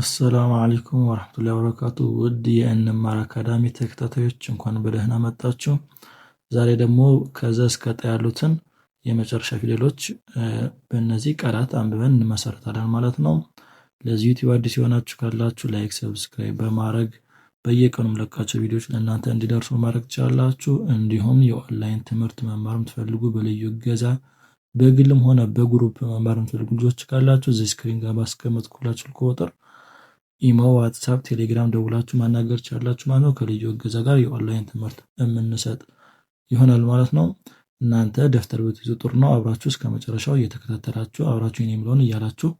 አሰላሙ አለይኩም ወራህመቱላሂ ወበረካቱ። ውድ የእንማር አካዳሚ ተከታታዮች እንኳን በደህና መጣችሁ። ዛሬ ደግሞ ከዘ እስከ ጠ ያሉትን የመጨረሻ ፊደሎች በእነዚህ ቃላት አንብበን እንመሰርታለን ማለት ነው። ለዚህ ዩቲዩብ አዲስ የሆናችሁ ካላችሁ ላይክ፣ ሰብስክራይብ በማድረግ በየቀኑ የምለቃቸው ቪዲዮዎች ለእናንተ እንዲደርሱ ማድረግ ትችላላችሁ። እንዲሁም የኦንላይን ትምህርት መማር የምትፈልጉ በልዩ እገዛ በግልም ሆነ በግሩፕ መማር የምትፈልጉ ልጆች ካላችሁ እዚህ ስክሪን ጋር ባስቀመጥኩላችሁ ቁጥር ኢሞ፣ ዋትሳፕ፣ ቴሌግራም ደውላችሁ ማናገር ቻላችሁ ማለት ነው። ከልዩ እገዛ ጋር የኦንላይን ትምህርት የምንሰጥ ይሆናል ማለት ነው። እናንተ ደፍተር ብትይዙ ጥሩ ነው። አብራችሁ እስከ መጨረሻው እየተከታተላችሁ አብራችሁ ኔ የምለውን እያላችሁ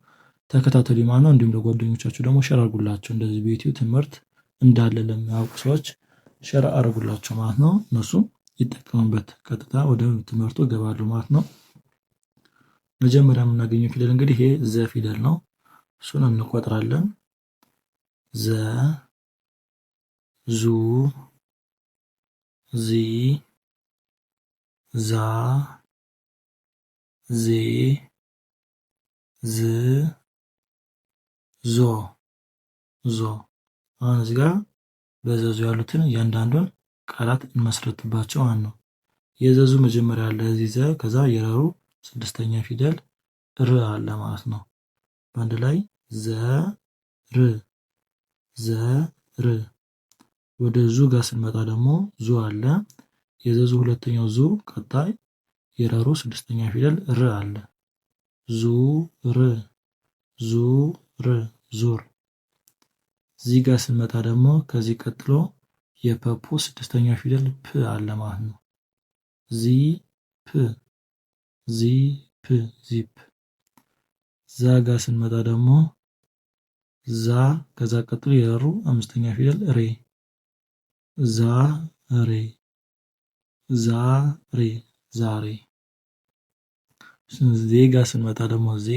ተከታተሉ ማለት ነው። እንዲሁም ለጓደኞቻችሁ ደግሞ ሸር አርጉላቸው። እንደዚህ በዩቲዩብ ትምህርት እንዳለ ለሚያውቁ ሰዎች ሸር አርጉላቸው ማለት ነው። እነሱ ይጠቀሙበት። ቀጥታ ወደ ትምህርቱ ገባሉ ማለት ነው። መጀመሪያ የምናገኘው ፊደል እንግዲህ ይሄ ዘ ፊደል ነው። እሱን እንቆጥራለን። ዘ ዙ ዚ ዛ ዜ ዝ ዞ ዞ አሁን እዚህ ጋር በዘዙ ያሉትን እያንዳንዱን ቃላት እንመስረትባቸው ማለት ነው። የዘዙ መጀመሪያ አለ እዚህ ዘ፣ ከዛ የረሩ ስድስተኛ ፊደል ር አለ ማለት ነው። በአንድ ላይ ዘ ር ዘር ወደ ዙ ጋር ስንመጣ ደግሞ ዙ አለ። የዘዙ ሁለተኛው ዙ ቀጣይ የረሩ ስድስተኛ ፊደል ር አለ። ዙ ር ዙ ር ዙር። እዚህ ጋር ስንመጣ ደግሞ ከዚህ ቀጥሎ የፐፑ ስድስተኛ ፊደል ፕ አለ ማለት ነው። ዚ ፕ ዚ ፕ ዚፕ። ዛ ጋር ስንመጣ ደግሞ ዛ ከዛ ቀጥሎ የሩ አምስተኛ ፊደል ሬ ዛ ሬ ዛሬ ዛሬ ዜጋ ስንመጣ ደግሞ ዜ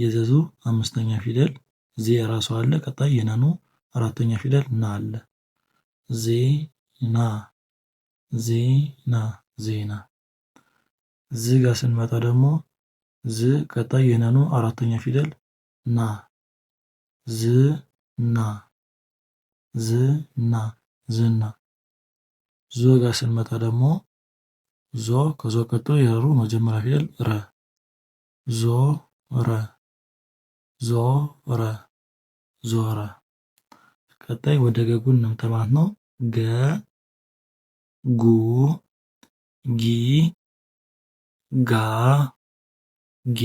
የዘዙ አምስተኛ ፊደል ዜ ራሱ አለ። ቀጣይ የነኑ አራተኛ ፊደል ና አለ። ዜ ና ዜ ና ዜና ዝ ጋ ስንመጣ ደግሞ ዝ ቀጣይ የነኑ አራተኛ ፊደል ና ዝና ዝና ዝና ዞ ጋር ስንመጣ ደግሞ ዞ ከዞ ቀጥሎ የሩ መጀመሪያ ፊደል ረ ዞ ረ ዞ ረ ዞ ረ ቀጣይ ወደ ገጉ እንምጣ ማለት ነው። ገ ጉ ጊ ጋ ጌ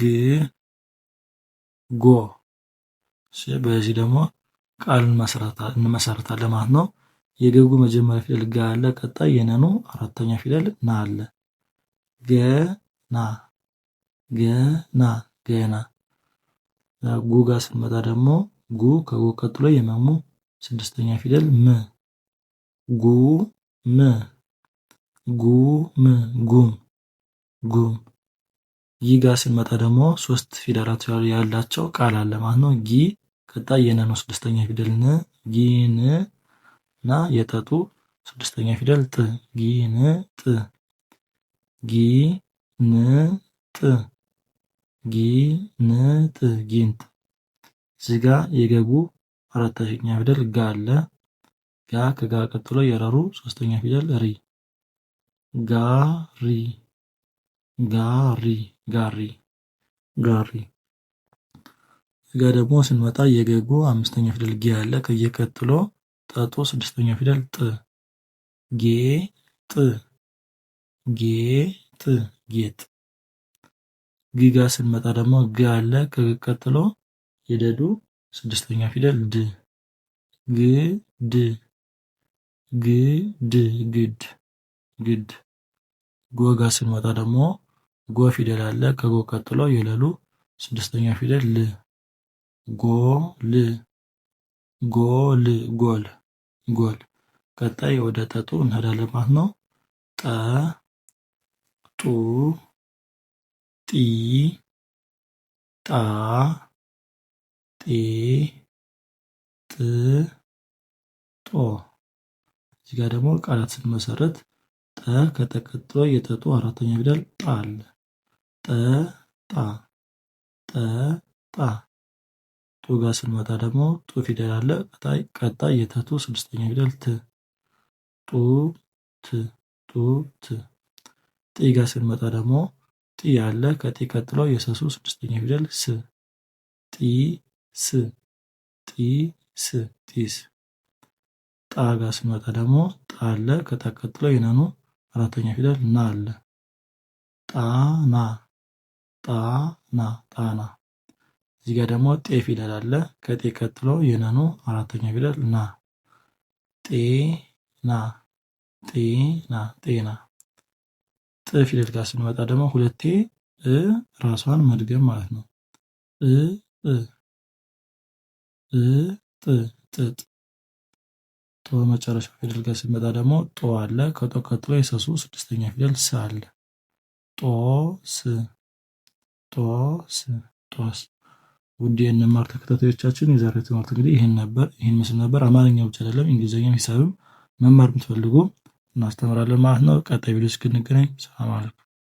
ግ ጎ በዚህ ደግሞ ቃል እንመሰርታለን ማለት ነው። የገጉ መጀመሪያ ፊደል ጋ አለ። ቀጣይ የነኑ አራተኛ ፊደል ና አለ። ገና ገና ገና ጉ ጋ ስንመጣ ደግሞ ጉ ከጎ ቀጥሎ የመሙ ስድስተኛ ፊደል ም ጉ ም ጉ ም ጉም ጉም ይህ ጋር ስንመጣ ደግሞ ሶስት ፊደላት ያላቸው ቃል አለ ማለት ነው። ጊ ቀጣይ የነ ነው ስድስተኛ ፊደል ን ጊን እና የጠጡ ስድስተኛ ፊደል ጥ ጊ ጥ ጊን ጥ ጊን ጥ ጊንጥ። እዚህ ጋ የገቡ አራተኛ ፊደል ጋ አለ። ጋ ከጋ ቀጥሎ የረሩ ሶስተኛ ፊደል ሪ ጋሪ ጋሪ ጋሪ ጋሪ ጋ ደግሞ ስንመጣ የገጉ አምስተኛ ፊደል ጌ አለ። ከየቀጥሎ ጠጡ ስድስተኛ ፊደል ጥ ጌ ጥ ጌ ጥ ጌጥ። ግጋ ስንመጣ ደግሞ ግ አለ። ከግ የደዱ ስድስተኛ ፊደል ድ ግ ድ ግ ድ ግድ ግድ። ጎጋ ስንመጣ ደግሞ ጎ ፊደል አለ። ከጎ ቀጥሎ የለሉ ስድስተኛ ፊደል ል ጎ ል ጎ ል ጎል ጎል። ቀጣይ ወደ ጠጡ እንሄዳለን ማለት ነው። ጠ ጡ ጢ ጣ ጤ ጥ ጦ። እዚህ ጋር ደግሞ ቃላት ስንመሰረት ጠ ከተቀጥሎ የጠጡ አራተኛ ፊደል ጣል ጠጣ ጠጣ ጡ ጋር ስንመጣ ደግሞ ጡ ፊደል አለ። ቀጣይ ቀጣይ የተቱ ስድስተኛ ፊደል ት ጡ ት ጡ ት ጢ ጋር ስንመጣ ደግሞ ጢ አለ። ከጢ ቀጥሎ የሰሱ ስድስተኛ ፊደል ስ ጢ ስ ጢ ስ ጢስ ጣ ጋር ስንመጣ ደግሞ ጣ አለ። ከጣ ቀጥሎ የነኑ አራተኛ ፊደል ና አለ ጣና ጣና ጣና እዚህ ጋር ደግሞ ጤ ፊደል አለ። ከጤ ቀጥሎ የነኑ አራተኛ ፊደል ና ጤና ጤና ጤና። ጥ ፊደል ጋር ስንመጣ ደግሞ ሁለቴ እ ራሷን መድገም ማለት ነው። እ እ እ ጥ ጥጥ። ጦ መጨረሻው ፊደል ጋር ስንመጣ ደግሞ ጦ አለ። ከጦ ቀጥሎ የሰሱ ስድስተኛ ፊደል ስ አለ። ጦ ስ ጦስ ጦስ ውድ የንማር ተከታታዮቻችን የዛሬ ትምህርት እንግዲህ ይህን ነበር ይህን ምስል ነበር። አማርኛ ብቻ አይደለም እንግሊዝኛም ሂሳብም መማር የምትፈልጉ እናስተምራለን ማለት ነው። ቀጣይ ቪዲዮ እስክንገናኝ ሰላም አለይኩም።